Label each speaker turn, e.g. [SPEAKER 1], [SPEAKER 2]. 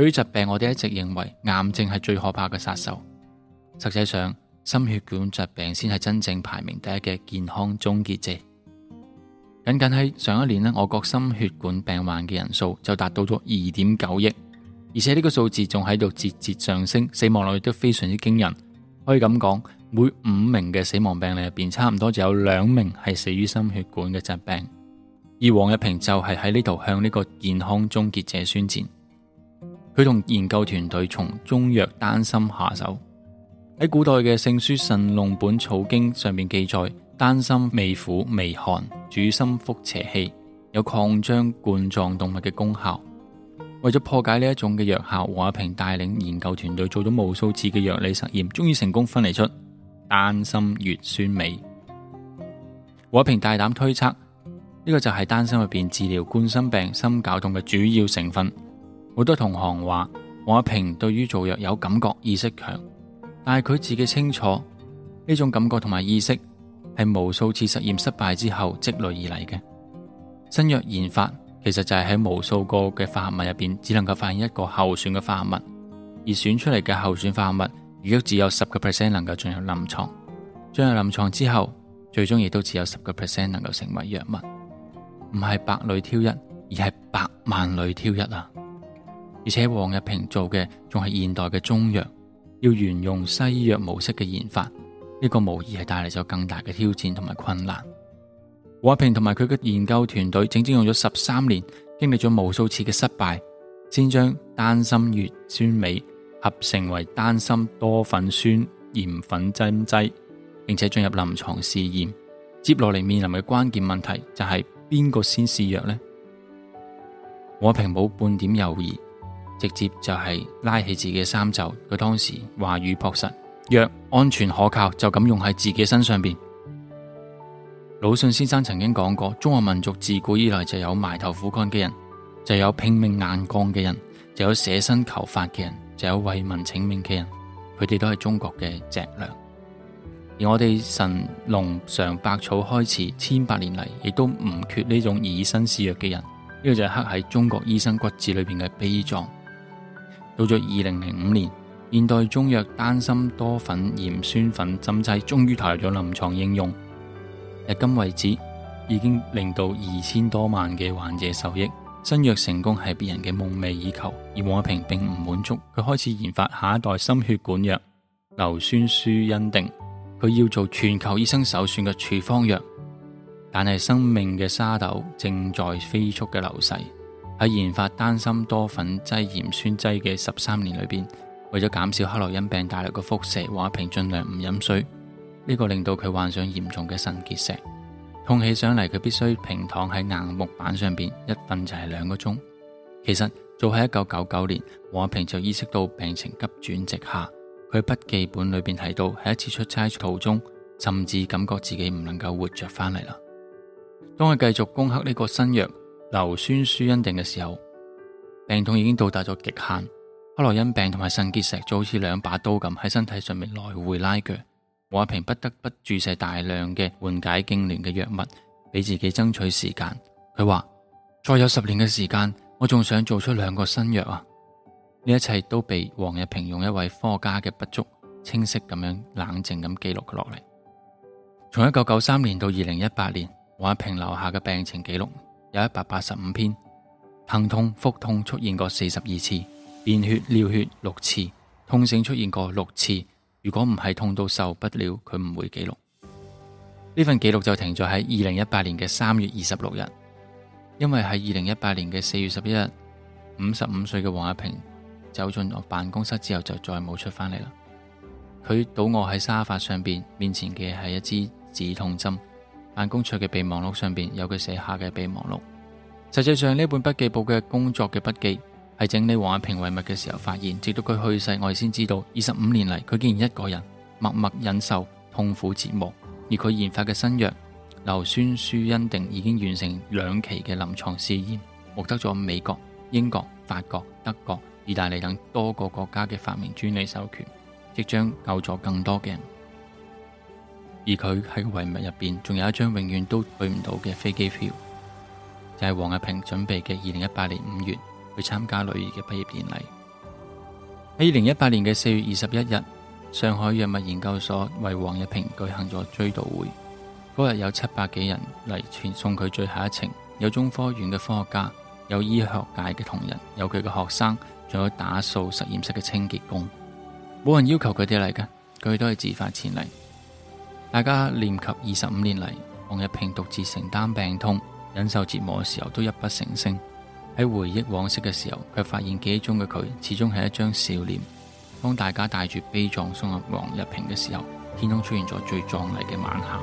[SPEAKER 1] 對於疾病，我哋一直認為癌症係最可怕嘅殺手。實際上，心血管疾病先係真正排名第一嘅健康終結者。僅僅喺上一年呢，我國心血管病患嘅人數就達到咗二點九億，而且呢個數字仲喺度節節上升，死亡率都非常之驚人。可以咁講，每五名嘅死亡病例入邊，差唔多就有兩名係死於心血管嘅疾病。而王逸平就係喺呢度向呢個健康終結者宣戰。佢同研究團隊從中藥丹參下手，喺古代嘅聖書《神農本草經》上面記載，丹參微苦微寒，主心腹邪氣，有擴張冠狀動脈嘅功效。為咗破解呢一種嘅藥效，王逸平帶領研究團隊做咗無數次嘅藥理實驗，終於成功分離出丹參乙酸鎂。王逸平大膽推測，呢、這個就係丹參入邊治療冠心病、心絞痛嘅主要成分。好多同行話王逸平對於做藥有感覺意識強，但係佢自己清楚呢種感覺同埋意識係無數次實驗失敗之後積累而嚟嘅。新藥研發其實就係喺無數個嘅化合物入邊，只能夠發現一個候選嘅化合物，而選出嚟嘅候選化合物如果只有十個 percent 能夠進入臨床。進入臨床之後，最終亦都只有十個 percent 能夠成為藥物，唔係百裏挑一，而係百萬裏挑一啊！而且王逸平做嘅仲係現代嘅中藥，要沿用西藥模式嘅研發，呢、這個無疑係帶嚟咗更大嘅挑戰同埋困難。王逸平同埋佢嘅研究團隊整整用咗十三年，經歷咗無數次嘅失敗，先將丹參乙酸鎂合成為丹參多酚酸鹽粉針劑，並且進入臨床試驗。接落嚟面臨嘅關鍵問題就係邊個先試藥呢？王逸平冇半點猶豫。直接就係拉起自己嘅衫袖，佢當時話語樸實，若安全可靠就咁用喺自己身上邊。魯迅先生曾經講過，中華民族自古以來就有埋頭苦幹嘅人，就有拼命硬幹嘅人，就有捨身求法嘅人，就有為民請命嘅人，佢哋都係中國嘅脊梁。而我哋神農嘗百草開始，千百年嚟亦都唔缺呢種以身試藥嘅人，呢、這個就係刻喺中國醫生骨子裏邊嘅悲壯。到咗二零零五年，現代中藥丹參多酚酸鹽粉針劑終於投入咗臨床應用。迄今為止，已經令到二千多萬嘅患者受益。新藥成功係別人嘅夢寐以求，而王逸平並唔滿足，佢開始研發下一代心血管藥硫酸舒欣啶。佢要做全球醫生首選嘅處方藥，但係生命嘅沙漏正在飛速嘅流逝。喺研發丹參多酚劑鹽酸劑嘅十三年裏邊，為咗減少克羅恩病帶來嘅腹瀉，王逸平盡量唔飲水。呢個令到佢患上嚴重嘅腎結石，痛起上嚟佢必須平躺喺硬木板上邊，一瞓就係兩個鐘。其實早喺一九九九年，王逸平就意識到病情急轉直下。佢筆記本裏邊提到喺一次出差途中，甚至感覺自己唔能夠活着翻嚟啦。當佢繼續攻克呢個新藥硫酸舒恩定嘅時候，病痛已經到達咗極限。克羅恩病同埋腎結石就好似兩把刀咁喺身體上面來回拉鋸。王逸平不得不注射大量嘅緩解痙攣嘅藥物，俾自己爭取時間。佢話：再有十年嘅時間，我仲想做出兩個新藥啊！呢一切都被王逸平用一位科學家嘅筆觸清晰咁樣冷靜咁記錄落嚟。從一九九三年到二零一八年，王逸平留下嘅病情記錄。有一百八十五篇，疼痛、腹痛出現過四十二次，便血、尿血六次，痛醒出現過六次。如果唔係痛到受不了，佢唔會記錄。呢份記錄就停咗喺二零一八年嘅三月二十六日，因為喺二零一八年嘅四月十一日，五十五歲嘅王逸平走進我辦公室之後就再冇出翻嚟啦。佢倒臥喺沙發上邊，面前嘅係一支止痛針。辦公桌嘅備忘錄上邊有佢寫下嘅備忘錄。實際上呢本筆記簿嘅工作嘅筆記，係整理王逸平遺物嘅時候發現。直到佢去世，我哋先知道二十五年嚟，佢竟然一個人默默忍受痛苦折磨。而佢研發嘅新藥硫酸舒恩定已經完成兩期嘅臨牀試驗，獲得咗美國、英國、法國、德國、意大利等多個國家嘅發明專利授權，即將救助更多嘅人。而佢喺個遺物入邊，仲有一張永遠都去唔到嘅飛機票，就係王逸平準備嘅二零一八年五月去參加女兒嘅畢業典禮。喺二零一八年嘅四月二十一日，上海藥物研究所為王逸平舉行咗追悼會。嗰日有七百幾人嚟傳送佢最後一程，有中科院嘅科學家，有醫學界嘅同仁，有佢嘅學生，仲有打掃實驗室嘅清潔工。冇人要求佢哋嚟嘅，佢都係自發前嚟。大家念及二十五年嚟，王逸平獨自承擔病痛、忍受折磨嘅時，時候，都泣不成聲。喺回憶往昔嘅時候，卻發現記憶中嘅佢，始終係一張笑臉。當大家帶住悲壯送入王逸平嘅時候，天空出現咗最壯麗嘅晚霞。